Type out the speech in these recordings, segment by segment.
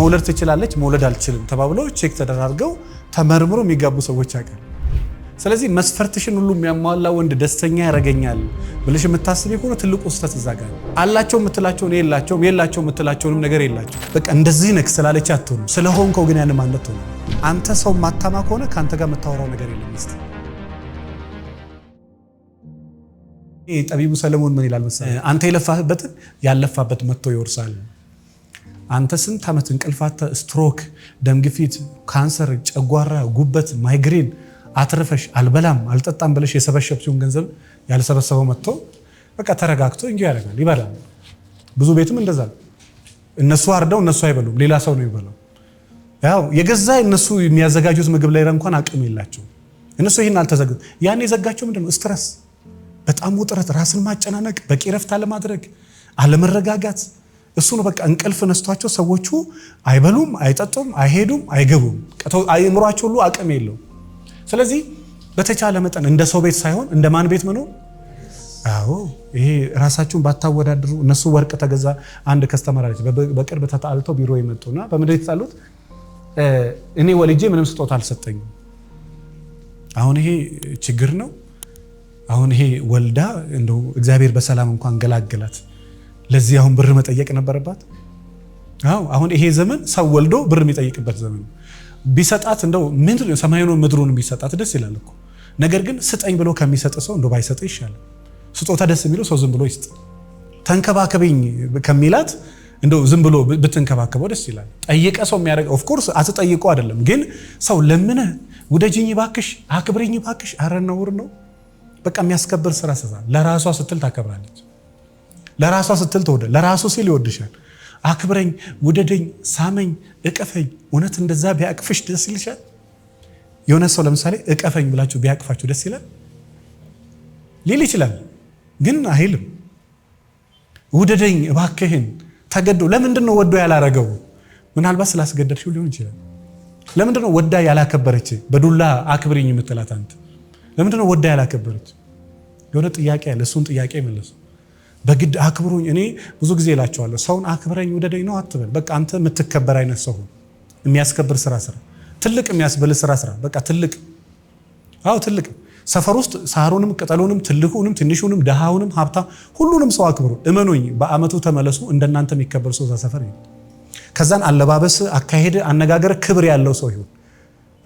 መውለድ ትችላለች፣ መውለድ አልችልም ተባብለው ቼክ ተደራርገው ተመርምሮ የሚጋቡ ሰዎች ያውቃል። ስለዚህ መስፈርትሽን ሁሉ የሚያሟላ ወንድ ደስተኛ ያደርገኛል ብልሽ የምታስብ የሆነ ትልቁ ስህተት እዛ ጋር አላቸው የምትላቸውን የላቸውም የላቸው የምትላቸውንም ነገር የላቸው በቃ እንደዚህ ነክ ስላለች አትሆኑ ስለሆንከው ግን ያን ማለት ሆነ አንተ ሰው ማታማ ከሆነ ከአንተ ጋር የምታወራው ነገር የለም። ስ ጠቢቡ ሰለሞን ምን ይላል መሰለህ? አንተ የለፋህበትን ያለፋበት መጥቶ ይወርሳል። አንተ ስንት ዓመት እንቅልፋተ ስትሮክ፣ ደም ግፊት፣ ካንሰር፣ ጨጓራ፣ ጉበት፣ ማይግሬን አትርፈሽ አልበላም አልጠጣም ብለሽ የሰበሸብ ሲሆን ገንዘብ ያልሰበሰበው መጥቶ በቃ ተረጋግቶ እንጂ ያደርጋል ይበላል። ብዙ ቤትም እንደዛ እነሱ አርደው እነሱ አይበሉም፣ ሌላ ሰው ነው ይበላው። ያው የገዛ እነሱ የሚያዘጋጁት ምግብ ላይ እንኳን አቅም የላቸው እነሱ ይህን አልተዘግ ያን የዘጋቸው ምንድነው ስትረስ፣ በጣም ውጥረት፣ ራስን ማጨናነቅ፣ በቂ ረፍት አለማድረግ፣ አለመረጋጋት እሱ ነው በቃ እንቅልፍ ነስቷቸው ሰዎቹ አይበሉም፣ አይጠጡም፣ አይሄዱም፣ አይገቡም። አይምሯቸው ሁሉ አቅም የለው ስለዚህ በተቻለ መጠን እንደ ሰው ቤት ሳይሆን እንደ ማን ቤት መኖር። አዎ ይሄ ራሳችሁን ባታወዳድሩ። እነሱ ወርቅ ተገዛ። አንድ ከስተመር አለች፣ በቅርብ ተጣልተው ቢሮ የመጡና በምድር የተጣሉት? እኔ ወልጄ ምንም ስጦታ አልሰጠኝም። አሁን ይሄ ችግር ነው። አሁን ይሄ ወልዳ እንደው እግዚአብሔር በሰላም እንኳን ገላገላት። ለዚህ አሁን ብር መጠየቅ ነበረባት? አዎ፣ አሁን ይሄ ዘመን ሰው ወልዶ ብር የሚጠይቅበት ዘመን ነው። ቢሰጣት እንደው ምንድን ሰማዩን ምድሩን ቢሰጣት ደስ ይላል እኮ። ነገር ግን ስጠኝ ብሎ ከሚሰጥ ሰው እንደው ባይሰጥ ይሻላል። ስጦታ ደስ የሚለው ሰው ዝም ብሎ ይስጥ። ተንከባከበኝ ከሚላት እንደው ዝም ብሎ ብትንከባከበው ደስ ይላል። ጠይቀ ሰው የሚያደርገው ኦፍኮርስ አትጠይቆ አይደለም ግን ሰው ለምነ ውደጅኝ ባክሽ፣ አክብርኝ ባክሽ፣ አረ ነውር ነው። በቃ የሚያስከብር ስራ ሰዛ ለራሷ ስትል ታከብራለች። ለራሷ ስትል ተወደ ለራሱ ሲል ይወድሻል። አክብረኝ፣ ውደደኝ፣ ሳመኝ፣ እቀፈኝ እውነት እንደዛ ቢያቅፍሽ ደስ ይልሻል? የሆነ ሰው ለምሳሌ እቀፈኝ ብላችሁ ቢያቅፋችሁ ደስ ይላል ሊል ይችላል፣ ግን አይልም። ውደደኝ እባክህን ተገዶ ለምንድን ነው ወዶ ያላረገው? ምናልባት ስላስገደድሽው ሊሆን ይችላል። ለምንድን ነው ወዳ ያላከበረች? በዱላ አክብርኝ የምትላት አንተ ለምንድን ነው ወዳ ያላከበረች? የሆነ ጥያቄ አለ። እሱን ጥያቄ መለሱ። በግድ አክብሩኝ። እኔ ብዙ ጊዜ እላቸዋለሁ ሰውን አክብረኝ ውደደኝ ነው አትበል። በቃ አንተ የምትከበር አይነት ሰው የሚያስከብር ስራ ስራ፣ ትልቅ የሚያስብል ስራ ስራ። በቃ ትልቅ አዎ፣ ትልቅ ሰፈር ውስጥ ሳሩንም ቅጠሉንም ትልቁንም ትንሹንም ድሃውንም ሀብታ ሁሉንም ሰው አክብሩ። እመኑኝ፣ በአመቱ ተመለሱ፣ እንደናንተ የሚከበር ሰው እዛ ሰፈር ከዛን አለባበስ፣ አካሄድ፣ አነጋገር ክብር ያለው ሰው ይሁን።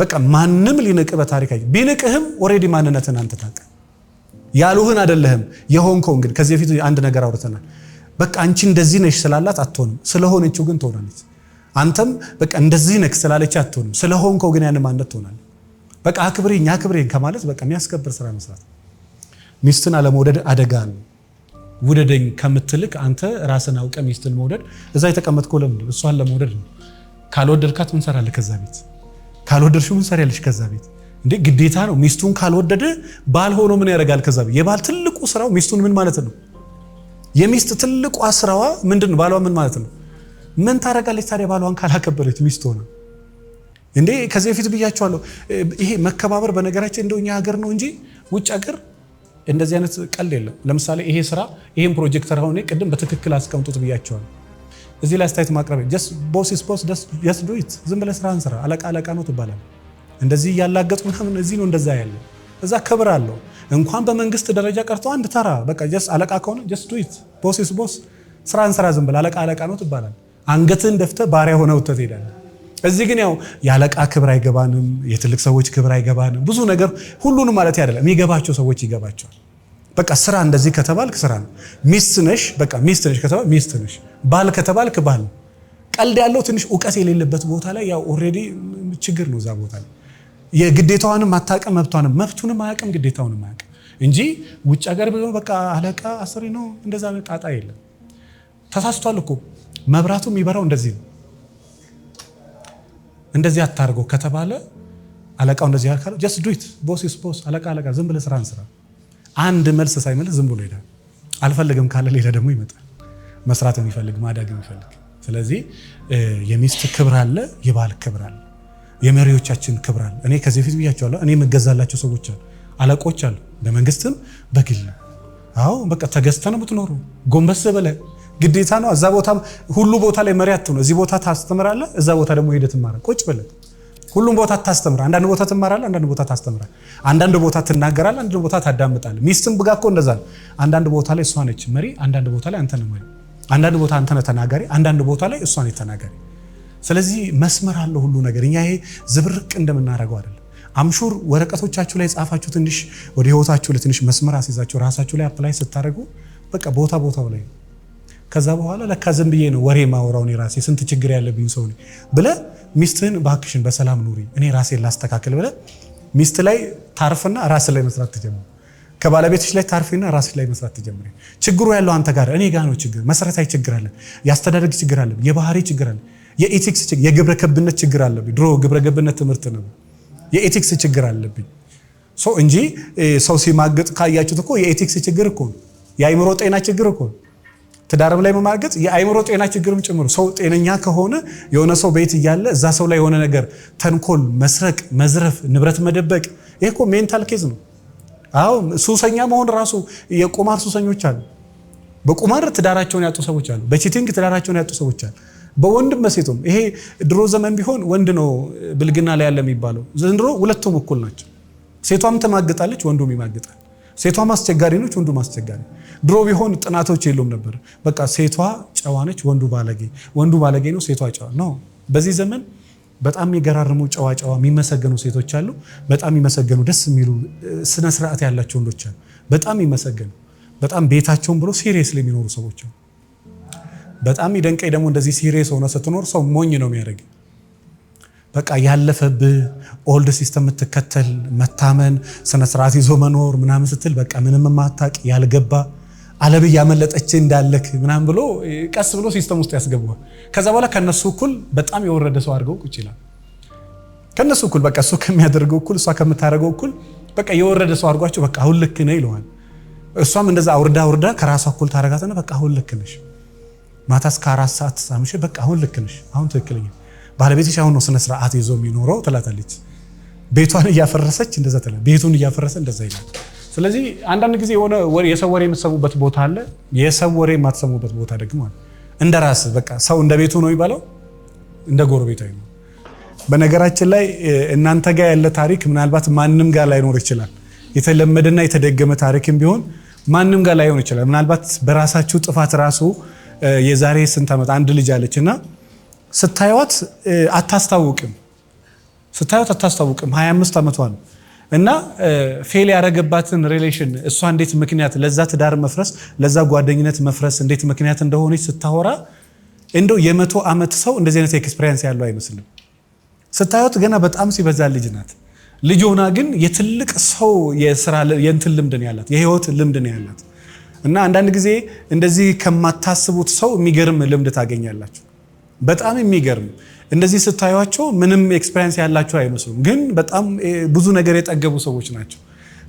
በቃ ማንም ሊንቅ በታሪክ ቢንቅህም ኦልሬዲ ማንነትን አንተ ታውቅ ያሉህን አደለህም የሆንከውን ግን ከዚህ በፊት አንድ ነገር አውርተናል። በቃ አንቺ እንደዚህ ነሽ ስላላት አትሆንም፣ ስለሆነችው ግን ትሆናለች። አንተም በቃ እንደዚህ ነክ ስላለች አትሆንም፣ ስለሆንከው ግን ያን ማንነት ትሆናለች። በቃ አክብሬኝ አክብሬኝ ከማለት በቃ የሚያስከብር ስራ መስራት። ሚስትን አለመውደድ አደጋ ነው። ውደደኝ ከምትልክ አንተ ራስን አውቀ ሚስትን መውደድ። እዛ የተቀመጥከው ለምንድን እሷን ለመውደድ ነው። ካልወደድካት ምን ሰራለህ ከዛ ቤት? ካልወደድሽው ምን ሰሪያለሽ ከዛ ቤት? እንዴ ግዴታ ነው። ሚስቱን ካልወደደ ባል ሆኖ ምን ያደርጋል? ከዛ የባል ትልቁ ስራው ሚስቱን ምን ማለት ነው? የሚስት ትልቋ ስራዋ ምንድን ነው? ባሏ ምን ማለት ነው? ምን ታደርጋለች ታዲያ? ባሏን ካላከበረች ሚስት ሆነ እንዴ። ከዚህ በፊት ብያቸዋለሁ። ይሄ መከባበር በነገራችን እንደው እኛ ሀገር ነው እንጂ ውጭ ሀገር እንደዚህ አይነት ቀልድ የለም። ለምሳሌ ይሄ ስራ ይሄን ፕሮጀክተር አሁን ቅድም በትክክል አስቀምጡት ብያቸዋለሁ። እዚህ ላይ አስተያየት ማቅረብ ቦስ ቦስ ጀስት ዱ ኢት ዝም ብለህ ስራህን ስራ። አለቃ አለቃ ነው ትባላለህ እንደዚህ እያላገጡ ምናምን እዚህ ነው እንደዛ ያለ እዛ ክብር አለው። እንኳን በመንግስት ደረጃ ቀርቶ አንድ ተራ በቃ ጀስት አለቃ ከሆነ ጀስት ዱ ኢት ቦሲስ ቦስ ስራን ስራ ዝም ብለህ አለቃ አለቃ ነው ትባላል። አንገትህን ደፍተህ ባሪያ ሆነ ወጥተህ ትሄዳለህ። እዚህ ግን ያው የአለቃ ክብር አይገባንም፣ የትልቅ ሰዎች ክብር አይገባንም። ብዙ ነገር ሁሉንም ማለት አይደለም፣ የሚገባቸው ሰዎች ይገባቸዋል። በቃ ስራ እንደዚህ ከተባልክ ስራ ነው። ሚስት ነሽ በቃ ሚስት ነሽ ከተባልክ ሚስት ነሽ፣ ባል ከተባልክ ባል። ቀልድ ያለው ትንሽ እውቀት የሌለበት ቦታ ላይ ያው ኦልሬዲ ችግር ነው እዛ ቦታ ላይ የግዴታዋንም አታውቅም፣ መብቷንም መብቱንም አያውቅም፣ ግዴታውንም አያውቅም እንጂ ውጭ ሀገር ቢሆን በቃ አለቃ አስሪ ነው። እንደዛ ጣጣ የለም። ተሳስቷል እኮ መብራቱ የሚበራው እንደዚህ ነው። እንደዚህ አታርገው ከተባለ አለቃው እንደዚህ ያልካለ ጀስት ዱት ቦስ ስ ቦስ። አለቃ አለቃ፣ ዝም ብለህ ስራን ስራ። አንድ መልስ ሳይመልስ ዝም ብሎ ሄዳል። አልፈልግም ካለ ሌላ ደግሞ ይመጣል። መስራት የሚፈልግ ማዳግ የሚፈልግ ስለዚህ የሚስት ክብር አለ፣ የባል ክብር አለ። የመሪዎቻችን ክብር አለ። እኔ ከዚህ በፊት ብያቸዋለሁ። እኔ የምገዛላቸው ሰዎች አሉ፣ አለቆች አሉ፣ በመንግስትም በግል አዎ። በቃ ተገዝተ ነው ምትኖሩ። ጎንበስ በለ ግዴታ ነው። እዛ ቦታ ሁሉ ቦታ ላይ መሪ አትሆኑ። እዚህ ቦታ ታስተምራለ፣ እዛ ቦታ ደግሞ ሄደ ትማረ። ቁጭ በለ ሁሉም ቦታ ታስተምራ። አንዳንድ ቦታ ትማራለ፣ አንዳንድ ቦታ ታስተምራ፣ አንዳንድ ቦታ ትናገራለ፣ አንዳንድ ቦታ ታዳምጣለ። ሚስትም ብጋ እኮ እንደዛ ነው። አንዳንድ ቦታ ላይ እሷ ነች መሪ፣ አንዳንድ ቦታ ላይ አንተ ነው መሪ። አንዳንድ ቦታ አንተ ነህ ተናጋሪ፣ አንዳንድ ቦታ ላይ እሷ ነች ተናጋሪ። ስለዚህ መስመር አለ ሁሉ ነገር። እኛ ይሄ ዝብርቅ እንደምናደርገው አይደለም። አምሹር ወረቀቶቻችሁ ላይ ጻፋችሁ፣ ትንሽ ወደ ህይወታችሁ ለትንሽ መስመር አስይዛችሁ ራሳችሁ ላይ አፕላይ ስታደርጉ በቃ ቦታ ቦታው ላይ ነው። ከዛ በኋላ ለካ ዝም ብዬ ነው ወሬ ማውራውን ራሴ ስንት ችግር ያለብኝ ሰው ነኝ ብለህ ሚስትህን ባክሽን በሰላም ኑሪ፣ እኔ ራሴ ላስተካከል ብለ ሚስት ላይ ታርፍና ራስ ላይ መስራት ትጀምር። ከባለቤቶች ላይ ታርፊና ራስ ላይ መስራት ትጀምር። ችግሩ ያለው አንተ ጋር እኔ ጋር ነው። ችግር መሰረታዊ ችግር አለ፣ የአስተዳደግ ችግር አለ፣ የባህሪ ችግር አለ። የኢቲክስ ችግር፣ የግብረ ከብነት ችግር አለብኝ። ድሮ ግብረ ገብነት ትምህርት ነበር። የኢቲክስ ችግር አለብኝ እንጂ ሰው ሲማገጥ ካያችሁት እኮ የኢቲክስ ችግር እኮ የአይምሮ የአእምሮ ጤና ችግር እኮ ነው። ትዳርም ላይ መማገጥ የአይምሮ ጤና ችግርም ጭምሩ። ሰው ጤነኛ ከሆነ የሆነ ሰው ቤት እያለ እዛ ሰው ላይ የሆነ ነገር ተንኮል፣ መስረቅ፣ መዝረፍ፣ ንብረት መደበቅ ይህ እኮ ሜንታል ኬዝ ነው። አዎ ሱሰኛ መሆን ራሱ የቁማር ሱሰኞች አሉ። በቁማር ትዳራቸውን ያጡ ሰዎች አሉ። በቺቲንግ ትዳራቸውን ያጡ ሰዎች አሉ። በወንድም በሴቱም ይሄ ድሮ ዘመን ቢሆን ወንድ ነው ብልግና ላይ ያለ የሚባለው። ዘንድሮ ሁለቱም እኩል ናቸው። ሴቷም ትማግጣለች፣ ወንዱም ይማግጣል። ሴቷም አስቸጋሪ ነች፣ ወንዱ አስቸጋሪ። ድሮ ቢሆን ጥናቶች የሉም ነበር። በቃ ሴቷ ጨዋ ነች፣ ወንዱ ባለጌ፣ ወንዱ ባለጌ ነው፣ ሴቷ ጨዋ ነው። በዚህ ዘመን በጣም የሚገራርሙ ጨዋ ጨዋ የሚመሰገኑ ሴቶች አሉ። በጣም የሚመሰገኑ ደስ የሚሉ ስነስርዓት ያላቸው ወንዶች አሉ። በጣም የሚመሰገኑ በጣም ቤታቸውን ብሎ ሲሪየስ የሚኖሩ ሰዎች አሉ። በጣም ይደንቀኝ ደግሞ እንደዚህ ሲሪየስ ሆነ ስትኖር ሰው ሞኝ ነው የሚያደርግ። በቃ ያለፈብህ ኦልድ ሲስተም የምትከተል መታመን፣ ስነስርዓት ይዞ መኖር ምናምን ስትል በቃ ምንም ማታቅ ያልገባ አለብህ ያመለጠች እንዳለክ ምናምን ብሎ ቀስ ብሎ ሲስተም ውስጥ ያስገባል። ከዛ በኋላ ከነሱ እኩል በጣም የወረደ ሰው አድርገው ይላል። ከነሱ እኩል በቃ እሱ ከሚያደርገው እኩል እሷ ከምታደርገው እኩል በቃ የወረደ ሰው አድርጓቸው በቃ አሁን ልክ ነህ ይለዋል። እሷም እንደዛ አውርዳ አውርዳ ከራሷ እኩል ታደርጋትና በቃ አሁን ልክ ነሽ ማታ እስከ አራት ሰዓት ሳምሽ በቃ አሁን ልክ ነሽ፣ አሁን ትክክለኛ ባለቤትሽ አሁን ነው ስነ ስርዓት ይዞ የሚኖረው ትላታለች። ቤቷን እያፈረሰች እንደዛ ትላ ቤቱን እያፈረሰ እንደዛ ይላል። ስለዚህ አንዳንድ ጊዜ የሆነ የሰው ወሬ የምትሰሙበት ቦታ አለ፣ የሰው ወሬ የማትሰሙበት ቦታ ደግሞ አለ። እንደ ራስ በቃ ሰው እንደ ቤቱ ነው የሚባለው፣ እንደ ጎረቤቱ ነው። በነገራችን ላይ እናንተ ጋር ያለ ታሪክ ምናልባት ማንም ጋር ላይኖር ይችላል። የተለመደና የተደገመ ታሪክም ቢሆን ማንም ጋር ላይሆን ይችላል። ምናልባት በራሳችሁ ጥፋት ራሱ የዛሬ ስንት ዓመት አንድ ልጅ አለች እና ስታዩት አታስታውቅም፣ ስታዩት አታስታውቅም። 25 ዓመቷ ነው እና ፌል ያደረገባትን ሪሌሽን እሷ እንዴት ምክንያት ለዛ ትዳር መፍረስ ለዛ ጓደኝነት መፍረስ እንዴት ምክንያት እንደሆነች ስታወራ እንደው የመቶ ዓመት ሰው እንደዚህ አይነት ኤክስፔሪንስ ያለው አይመስልም። ስታዩት ገና በጣም ሲበዛ ልጅ ናት። ልጅ ሆና ግን የትልቅ ሰው የስራ የእንትን ልምድ ነው ያላት፣ የህይወት ልምድ ነው ያላት። እና አንዳንድ ጊዜ እንደዚህ ከማታስቡት ሰው የሚገርም ልምድ ታገኛላችሁ። በጣም የሚገርም እንደዚህ ስታዩቸው ምንም ኤክስፔሪንስ ያላቸው አይመስሉም፣ ግን በጣም ብዙ ነገር የጠገቡ ሰዎች ናቸው።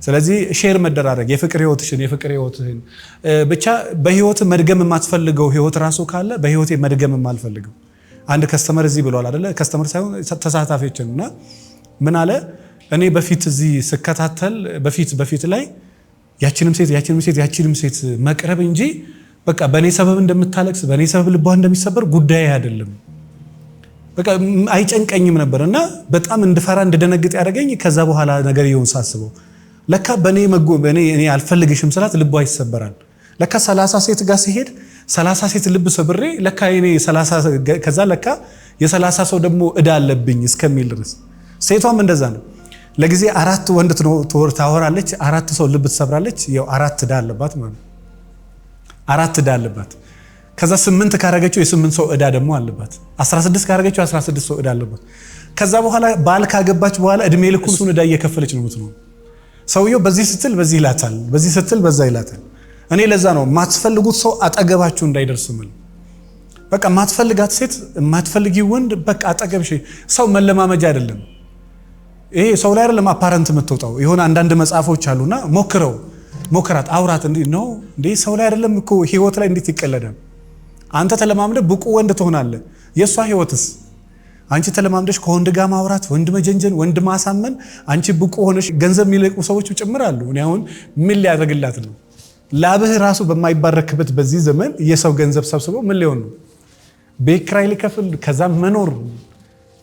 ስለዚህ ሼር መደራረግ የፍቅር ህይወትሽን የፍቅር ህይወትህን ብቻ በህይወት መድገም የማትፈልገው ህይወት ራሱ ካለ በህይወቴ መድገም የማልፈልገው አንድ ከስተመር እዚህ ብሏል አይደለ? ከስተመር ሳይሆን ተሳታፊዎችን እና ምን አለ እኔ በፊት እዚህ ስከታተል በፊት በፊት ላይ ያችንም ሴት ያችንም ሴት ያችንም ሴት መቅረብ እንጂ በቃ በእኔ ሰበብ እንደምታለቅስ በእኔ ሰበብ ልቧ እንደሚሰበር ጉዳይ አይደለም። በቃ አይጨንቀኝም ነበር እና በጣም እንድፈራ እንድደነግጥ ያደረገኝ ከዛ በኋላ ነገር የውን ሳስበው ለካ በእኔ እኔ አልፈልግሽም ስላት ልቧ ይሰበራል። ለካ ሰላሳ ሴት ጋር ሲሄድ ሰላሳ ሴት ልብ ሰብሬ ለካ እኔ ከዛ ለካ የሰላሳ ሰው ደግሞ እዳ አለብኝ እስከሚል ድረስ ሴቷም እንደዛ ነው። ለጊዜ አራት ወንድ ታወራለች፣ አራት ሰው ልብ ትሰብራለች። ያው አራት እዳ አለባት ማለት አራት ዕዳ አለባት። ከዛ ስምንት ካረገችው የስምንት ሰው እዳ ደግሞ አለባት። 16 ካረገችው 16 ሰው እዳ አለባት። ከዛ በኋላ ባል ካገባች በኋላ እድሜ ልኩ እሱን እዳ እየከፈለች ነው የምትኖር። ሰውየው በዚህ ስትል በዚህ ይላታል፣ በዚህ ስትል በዛ ይላታል። እኔ ለዛ ነው ማትፈልጉት ሰው አጠገባችሁ እንዳይደርስ ምል በቃ ማትፈልጋት ሴት ማትፈልጊ ወንድ በቃ አጠገብሽ ሰው መለማመጃ አይደለም ይሄ ሰው ላይ አይደለም አፓረንት የምትወጣው የሆነ አንዳንድ መጽሐፎች አሉና ሞክረው ሞክራት አውራት እንዲ ነው እንዴ ሰው ላይ አይደለም እኮ ህይወት ላይ እንዴት ይቀለዳል? አንተ ተለማምደ ብቁ ወንድ ትሆናለህ። የእሷ ህይወትስ አንቺ ተለማምደሽ ከወንድ ጋር ማውራት፣ ወንድ መጀንጀን፣ ወንድ ማሳመን፣ አንቺ ብቁ ሆነሽ ገንዘብ የሚለቁ ሰዎች ጭምር አሉ። እኔ አሁን ምን ሊያደርግላት ነው? ላብህ ራሱ በማይባረክበት በዚህ ዘመን የሰው ገንዘብ ሰብስቦ ምን ሊሆን ነው? ቤት ኪራይ ሊከፍል ከዛ መኖር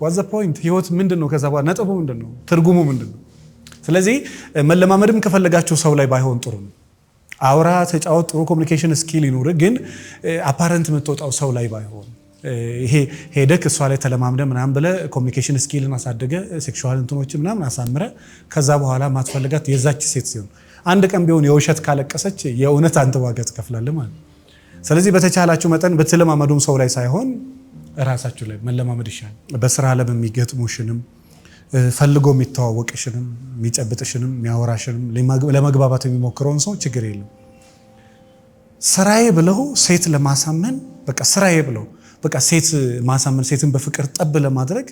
ዋዘ ፖይንት ህይወት ምንድን ነው? ከዛ በኋላ ነጥቡ ምንድን ነው? ትርጉሙ ምንድን ነው? ስለዚህ መለማመድም ከፈለጋችሁ ሰው ላይ ባይሆን ጥሩ ነው። አውራ ተጫወት፣ ጥሩ ኮሚኒኬሽን ስኪል ይኑር፣ ግን አፓረንት የምትወጣው ሰው ላይ ባይሆን ይሄ ሄደክ እሷ ላይ ተለማምደ ምናምን ብለ ኮሚኒኬሽን ስኪልን አሳደገ ሴክሹዋል እንትኖች ምናምን አሳምረ ከዛ በኋላ ማትፈልጋት የዛች ሴት ሲሆን አንድ ቀን ቢሆን የውሸት ካለቀሰች የእውነት አንተ ዋጋ ትከፍላለህ ማለት ስለዚህ በተቻላችሁ መጠን በተለማመዱም ሰው ላይ ሳይሆን እራሳችሁ ላይ መለማመድ ይሻል። በስራ ዓለም የሚገጥሙሽንም ፈልጎ የሚተዋወቅሽንም የሚጨብጥሽንም የሚያወራሽንም ለመግባባት የሚሞክረውን ሰው ችግር የለም። ስራዬ ብለው ሴት ለማሳመን በቃ ስራዬ ብለው በቃ ሴት ማሳመን ሴትን በፍቅር ጠብ ለማድረግ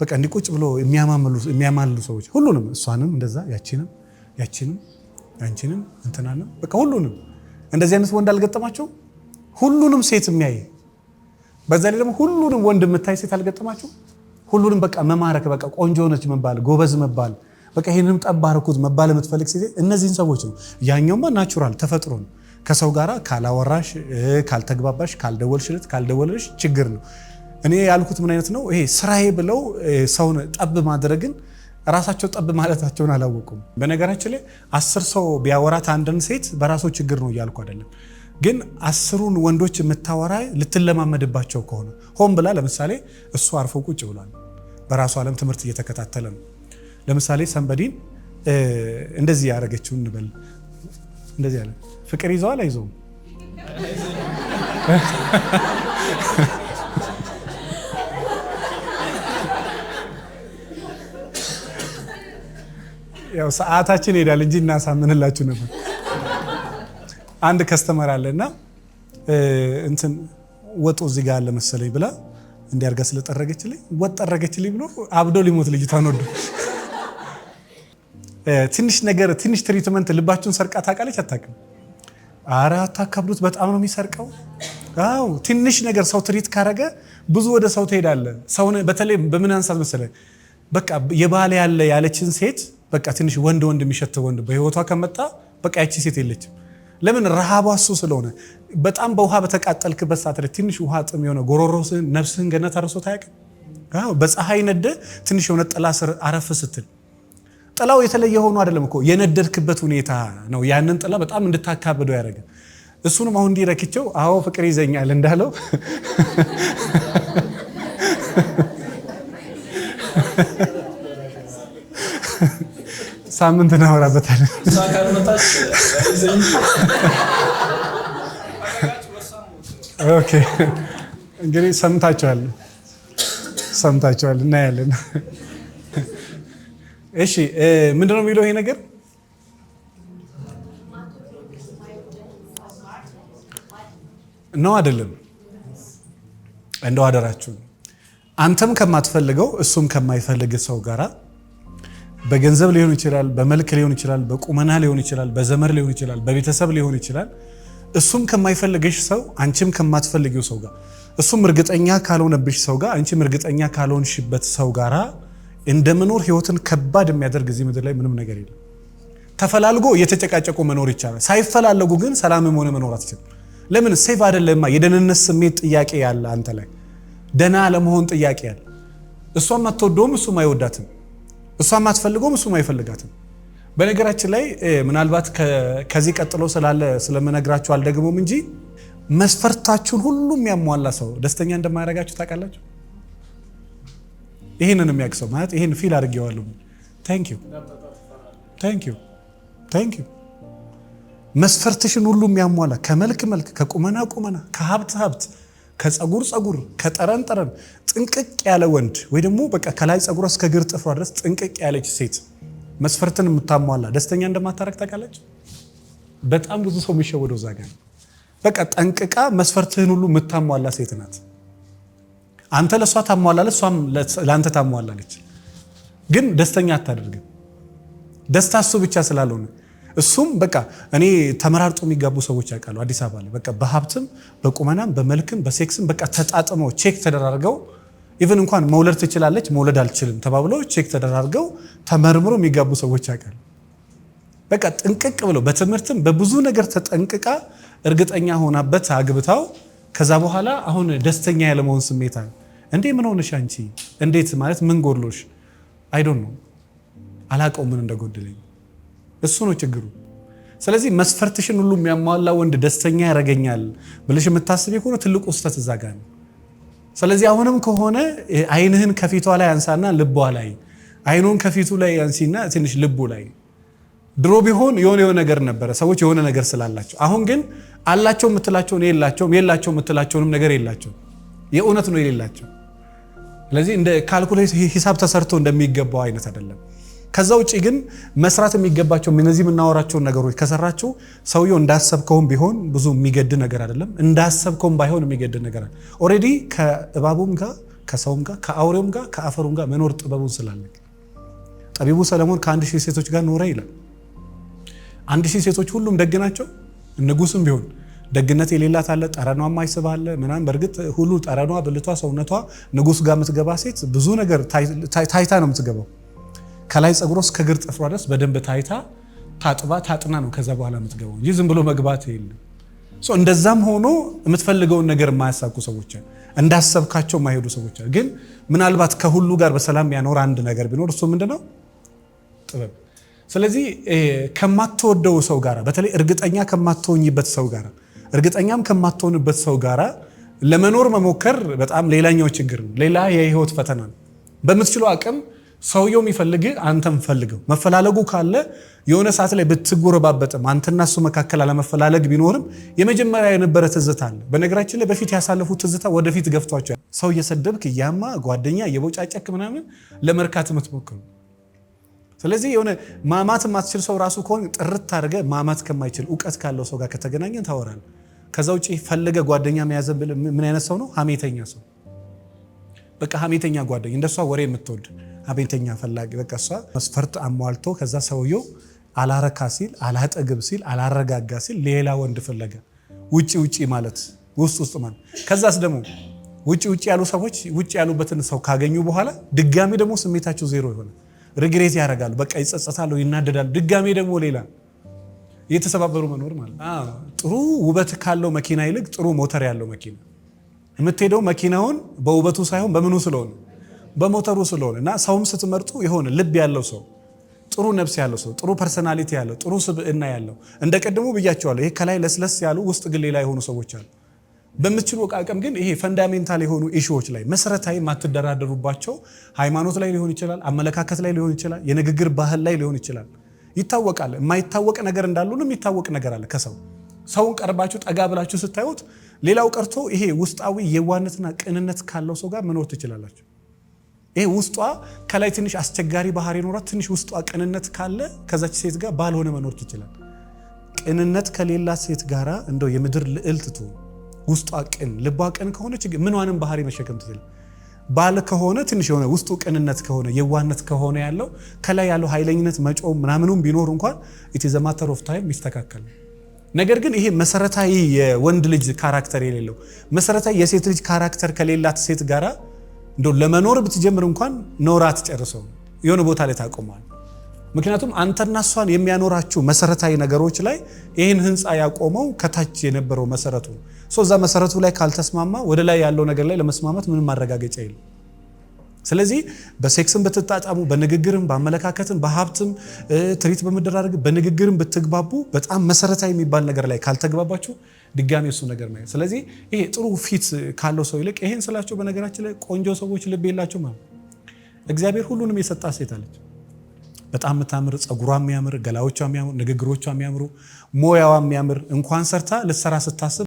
በቃ እንዲቁጭ ብሎ የሚያማልሉ ሰዎች ሁሉንም፣ እሷንም እንደዛ ያቺንም ያቺንም ያንቺንም እንትናንም በቃ ሁሉንም እንደዚህ አይነት ወንድ አልገጠማቸው ሁሉንም ሴት የሚያይ በዛ ላይ ደግሞ ሁሉንም ወንድ የምታይ ሴት አልገጠማችሁ? ሁሉንም በቃ መማረክ፣ በቃ ቆንጆ ነች መባል፣ ጎበዝ መባል፣ በቃ ይህንንም ጠባርኩት መባል የምትፈልግ ሴት እነዚህን ሰዎች ነው። ያኛውማ ናቹራል ተፈጥሮ ነው። ከሰው ጋር ካላወራሽ፣ ካልተግባባሽ፣ ካልደወልሽለት፣ ካልደወለልሽ ችግር ነው። እኔ ያልኩት ምን አይነት ነው ይሄ ስራዬ ብለው ሰውን ጠብ ማድረግን ራሳቸው ጠብ ማለታቸውን አላወቁም። በነገራችን ላይ አስር ሰው ቢያወራት አንድን ሴት በራሱ ችግር ነው እያልኩ አይደለም ግን አስሩን ወንዶች የምታወራ ልትለማመድባቸው ከሆነ ሆን ብላ ለምሳሌ እሱ አርፎ ቁጭ ብሏል፣ በራሱ ዓለም ትምህርት እየተከታተለ ነው። ለምሳሌ ሰንበዲን እንደዚህ ያደረገችው እንበል፣ እንደዚህ ያለ ፍቅር ይዘዋል አይዘውም? ያው ሰዓታችን ሄዳል እንጂ እናሳምንላችሁ ነበር። አንድ ከስተመር አለ እና እንትን ወጡ እዚህ ጋር አለ መሰለኝ ብላ እንዲያርጋ ስለጠረገችልኝ ወጥ ጠረገችልኝ ብሎ አብዶ ሊሞት ልጅቷን ወዱ ትንሽ ነገር ትንሽ ትሪትመንት ልባችሁን ሰርቃ ታውቃለች? አታውቅም? አራት አታከብዱት፣ በጣም ነው የሚሰርቀው። አዎ ትንሽ ነገር ሰው ትሪት ካረገ ብዙ ወደ ሰው ትሄዳለ። በተለይ በምን አንሳት መሰለ በቃ የባለ ያለ ያለችን ሴት በቃ ትንሽ ወንድ ወንድ የሚሸት ወንድ በህይወቷ ከመጣ በቃ ያቺ ሴት የለችም። ለምን ረሃቧ እሱ ስለሆነ በጣም በውሃ በተቃጠልክበት ሰዓት ላይ ትንሽ ውሃ ጥም የሆነ ጎሮሮስህን ነፍስህን ገነት አድርሶ ታያውቅም? በፀሐይ ነደ ትንሽ የሆነ ጥላ ስር አረፍ ስትል ጥላው የተለየ ሆኖ አይደለም እኮ የነደድክበት ሁኔታ ነው። ያንን ጥላ በጣም እንድታካብደው ያደረገ እሱንም አሁን እንዲረክቸው አዎ ፍቅር ይዘኛል እንዳለው ሳምንት እናወራበታለን። ኦኬ እንግዲህ ሰምታችኋል ሰምታችኋል፣ እናያለን። እሺ ምንድነው የሚለው ይሄ ነገር? ነው አይደለም? እንደው አደራችሁ አንተም ከማትፈልገው እሱም ከማይፈልግ ሰው ጋራ በገንዘብ ሊሆን ይችላል፣ በመልክ ሊሆን ይችላል፣ በቁመና ሊሆን ይችላል፣ በዘመር ሊሆን ይችላል፣ በቤተሰብ ሊሆን ይችላል። እሱም ከማይፈልገሽ ሰው አንቺም ከማትፈልጊው ሰው ጋር እሱም እርግጠኛ ካልሆነብሽ ሰው ጋር አንቺም እርግጠኛ ካልሆንሽበት ሰው ጋራ እንደመኖር ህይወትን ከባድ የሚያደርግ እዚህ ምድር ላይ ምንም ነገር የለም። ተፈላልጎ እየተጨቃጨቁ መኖር ይቻላል። ሳይፈላለጉ ግን ሰላምም ሆነ መኖር አትችልም። ለምን ሴፍ አይደለማ። የደህንነት ስሜት ጥያቄ ያለ አንተ ላይ ደህና ለመሆን ጥያቄ ያለ እሷም አትወደውም እሱም አይወዳትም። እሷ አትፈልገውም፣ እሱም አይፈልጋትም። በነገራችን ላይ ምናልባት ከዚህ ቀጥሎ ስላለ ስለምነግራችሁ አልደግሞም እንጂ መስፈርታችሁን ሁሉም ያሟላ ሰው ደስተኛ እንደማያደርጋችሁ ታውቃላችሁ። ይህንን የሚያውቅ ሰው ማለት ይህን ፊል አድርጌዋለሁ። ታንኪዩ። መስፈርትሽን ሁሉ የሚያሟላ ከመልክ መልክ፣ ከቁመና ቁመና፣ ከሀብት ሀብት፣ ከፀጉር ፀጉር፣ ከጠረን ጠረን ጥንቅቅ ያለ ወንድ ወይ ደግሞ በቃ ከላይ ፀጉሯ እስከ ግር ጥፍሯ ድረስ ጥንቅቅ ያለች ሴት መስፈርትን የምታሟላ ደስተኛ እንደማታረግ ታውቃለች። በጣም ብዙ ሰው የሚሸወደው እዛ ነው። በቃ ጠንቅቃ መስፈርትህን ሁሉ የምታሟላ ሴት ናት። አንተ ለእሷ ታሟላለች፣ እሷም ለአንተ ታሟላለች። ግን ደስተኛ አታደርግም። ደስታ እሱ ብቻ ስላልሆነ እሱም በቃ እኔ ተመራርጦ የሚጋቡ ሰዎች ያውቃሉ አዲስ አበባ ላይ በቃ በሀብትም በቁመናም በመልክም በሴክስም በቃ ተጣጥመው ቼክ ተደራርገው ኢቨን እንኳን መውለድ ትችላለች መውለድ አልችልም ተባብለው ቼክ ተደራርገው ተመርምሮ የሚጋቡ ሰዎች ያውቃል። በቃ ጥንቅቅ ብለው በትምህርትም በብዙ ነገር ተጠንቅቃ እርግጠኛ ሆናበት አግብታው ከዛ በኋላ አሁን ደስተኛ ያለመሆን ስሜት አለ። እንዴ ምን ሆነሽ አንቺ? እንዴት ማለት ምን ጎድሎሽ? አይዶን ነው አላቀው ምን እንደጎደለኝ እሱ ነው ችግሩ። ስለዚህ መስፈርትሽን ሁሉ የሚያሟላ ወንድ ደስተኛ ያረገኛል ብለሽ የምታስብ ከሆነ ትልቁ ስህተት እዛ ጋር ነው። ስለዚህ አሁንም ከሆነ አይንህን ከፊቷ ላይ አንሳና ልቧ ላይ አይኑን ከፊቱ ላይ አንሲና ትንሽ ልቡ ላይ ድሮ ቢሆን የሆነ የሆነ ነገር ነበረ፣ ሰዎች የሆነ ነገር ስላላቸው። አሁን ግን አላቸው የምትላቸውን የላቸውም፣ የላቸው የምትላቸውንም ነገር የላቸው። የእውነት ነው የሌላቸው። ስለዚህ እንደ ካልኩሌት ሂሳብ ተሰርቶ እንደሚገባው አይነት አይደለም። ከዛ ውጭ ግን መስራት የሚገባቸው እነዚህ የምናወራቸውን ነገሮች ከሰራችሁ ሰውየው እንዳሰብከውም ቢሆን ብዙ የሚገድ ነገር አይደለም። እንዳሰብከውም ባይሆን የሚገድ ነገር አለ። ኦልሬዲ ከእባቡም ጋር ከሰውም ጋር ከአውሬውም ጋር ከአፈሩም ጋር መኖር ጥበቡን ስላለ ጠቢቡ ሰለሞን ከአንድ ሺህ ሴቶች ጋር ኖረ ይላል። አንድ ሺህ ሴቶች ሁሉም ደግ ናቸው። ንጉስም ቢሆን ደግነት የሌላት አለ፣ ጠረኗ ማይስብ አለ ምናምን። በእርግጥ ሁሉ ጠረኗ፣ ብልቷ፣ ሰውነቷ ንጉስ ጋር የምትገባ ሴት ብዙ ነገር ታይታ ነው የምትገባው ከላይ ፀጉር እስከ እግር ጥፍሯ ድረስ በደንብ ታይታ ታጥባ ታጥና ነው ከዛ በኋላ የምትገባው እንጂ ዝም ብሎ መግባት የለም። እንደዛም ሆኖ የምትፈልገውን ነገር የማያሳኩ ሰዎች እንዳሰብካቸው የማይሄዱ ሰዎች ግን ምናልባት ከሁሉ ጋር በሰላም ያኖር አንድ ነገር ቢኖር እሱ ምንድነው? ጥበብ። ስለዚህ ከማትወደው ሰው ጋር በተለይ እርግጠኛ ከማትሆኝበት ሰው ጋር እርግጠኛም ከማትሆንበት ሰው ጋር ለመኖር መሞከር በጣም ሌላኛው ችግር ነው። ሌላ የህይወት ፈተና ነው። በምትችለው አቅም ሰውየው የሚፈልግ አንተም ፈልገው መፈላለጉ ካለ የሆነ ሰዓት ላይ ብትጎረባበጥም አንተና እሱ መካከል አለመፈላለግ ቢኖርም የመጀመሪያ የነበረ ትዝታ አለ። በነገራችን ላይ በፊት ያሳለፉት ትዝታ ወደፊት ገፍቷቸዋል። ሰው እየሰደብክ እያማ ጓደኛ እየቦጫጨክ ምናምን ለመርካት የምትሞክሩ ስለዚህ የሆነ ማማት የማትችል ሰው ራሱ ከሆን ጥርት አድርገ ማማት ከማይችል እውቀት ካለው ሰው ጋር ከተገናኘን ታወራል ከዛ ውጭ ፈለገ ጓደኛ መያዘ ምን አይነት ሰው ነው? ሀሜተኛ ሰው፣ በቃ ሀሜተኛ ጓደኛ፣ እንደሷ ወሬ የምትወድ አቤተኛ ፈላጊ በቃ እሷ መስፈርት አሟልቶ ከዛ ሰውየው አላረካ ሲል አላጠግብ ሲል አላረጋጋ ሲል ሌላ ወንድ ፈለገ። ውጭ ውጭ ማለት ውስጥ ውስጥ ማለት ከዛስ ደግሞ ውጭ ውጭ ያሉ ሰዎች ውጭ ያሉበትን ሰው ካገኙ በኋላ ድጋሚ ደግሞ ስሜታቸው ዜሮ ይሆነ ሪግሬት ያደርጋሉ። በቃ ይጸጸታሉ፣ ይናደዳሉ። ድጋሚ ደግሞ ሌላ እየተሰባበሩ መኖር ማለት ጥሩ ውበት ካለው መኪና ይልቅ ጥሩ ሞተር ያለው መኪና የምትሄደው መኪናውን በውበቱ ሳይሆን በምኑ ስለሆነ በሞተሩ ስለሆነ እና ሰውም ስትመርጡ የሆነ ልብ ያለው ሰው ጥሩ ነፍስ ያለው ሰው ጥሩ ፐርሰናሊቲ ያለው ጥሩ ስብዕና ያለው እንደ ቀድሞ ብያቸዋለሁ። ይሄ ከላይ ለስለስ ያሉ ውስጥ ግን ሌላ የሆኑ ሰዎች አሉ። በምትችሉ አቅም ግን ይሄ ፈንዳሜንታል የሆኑ ኢሹዎች ላይ መሰረታዊ የማትደራደሩባቸው ሃይማኖት ላይ ሊሆን ይችላል፣ አመለካከት ላይ ሊሆን ይችላል፣ የንግግር ባህል ላይ ሊሆን ይችላል። ይታወቃል። የማይታወቅ ነገር እንዳሉን የሚታወቅ ነገር አለ ከሰው ሰውን ቀርባችሁ ጠጋ ብላችሁ ስታዩት ሌላው ቀርቶ ይሄ ውስጣዊ የዋነትና ቅንነት ካለው ሰው ጋር መኖር ትችላላችሁ። ይህ ውስጧ ከላይ ትንሽ አስቸጋሪ ባህሪ ኖሯት ትንሽ ውስጧ ቅንነት ካለ ከዛች ሴት ጋር ባልሆነ መኖር ትችላል። ቅንነት ከሌላ ሴት ጋር እንደው የምድር ልዕልትቱ ውስጧ ቅን ልቧ ቅን ከሆነ ከሆነች ምንዋንም ባህሪ መሸከም ትችል። ባል ከሆነ ትንሽ የሆነ ውስጡ ቅንነት ከሆነ የዋነት ከሆነ ያለው ከላይ ያለው ኃይለኝነት መጮ ምናምኑም ቢኖር እንኳን ኢትዘ ማተር ኦፍ ታይም ይስተካከል። ነገር ግን ይሄ መሰረታዊ የወንድ ልጅ ካራክተር የሌለው መሰረታዊ የሴት ልጅ ካራክተር ከሌላት ሴት ጋራ እንደ ለመኖር ብትጀምር እንኳን ኖራ ትጨርሰው የሆነ ቦታ ላይ ታቆመዋል። ምክንያቱም አንተና እሷን የሚያኖራችሁ መሰረታዊ ነገሮች ላይ ይህን ህንፃ ያቆመው ከታች የነበረው መሰረቱ እዛ መሰረቱ ላይ ካልተስማማ ወደ ላይ ያለው ነገር ላይ ለመስማማት ምንም ማረጋገጫ የለም። ስለዚህ በሴክስም ብትጣጣሙ፣ በንግግርም፣ በአመለካከትም፣ በሀብትም ትሪት በመደራረግ በንግግርም ብትግባቡ በጣም መሰረታዊ የሚባል ነገር ላይ ካልተግባባችሁ ድጋሚ እሱ ነገር ማየት። ስለዚህ ይሄ ጥሩ ፊት ካለው ሰው ይልቅ ይሄን ስላቸው፣ በነገራችን ላይ ቆንጆ ሰዎች ልብ የላቸው ማለት እግዚአብሔር ሁሉንም የሰጣ ሴት አለች። በጣም የምታምር ፀጉሯ የሚያምር ገላዎቿ የሚያምር ንግግሮቿ የሚያምሩ ሞያዋ የሚያምር እንኳን ሰርታ ልትሰራ ስታስብ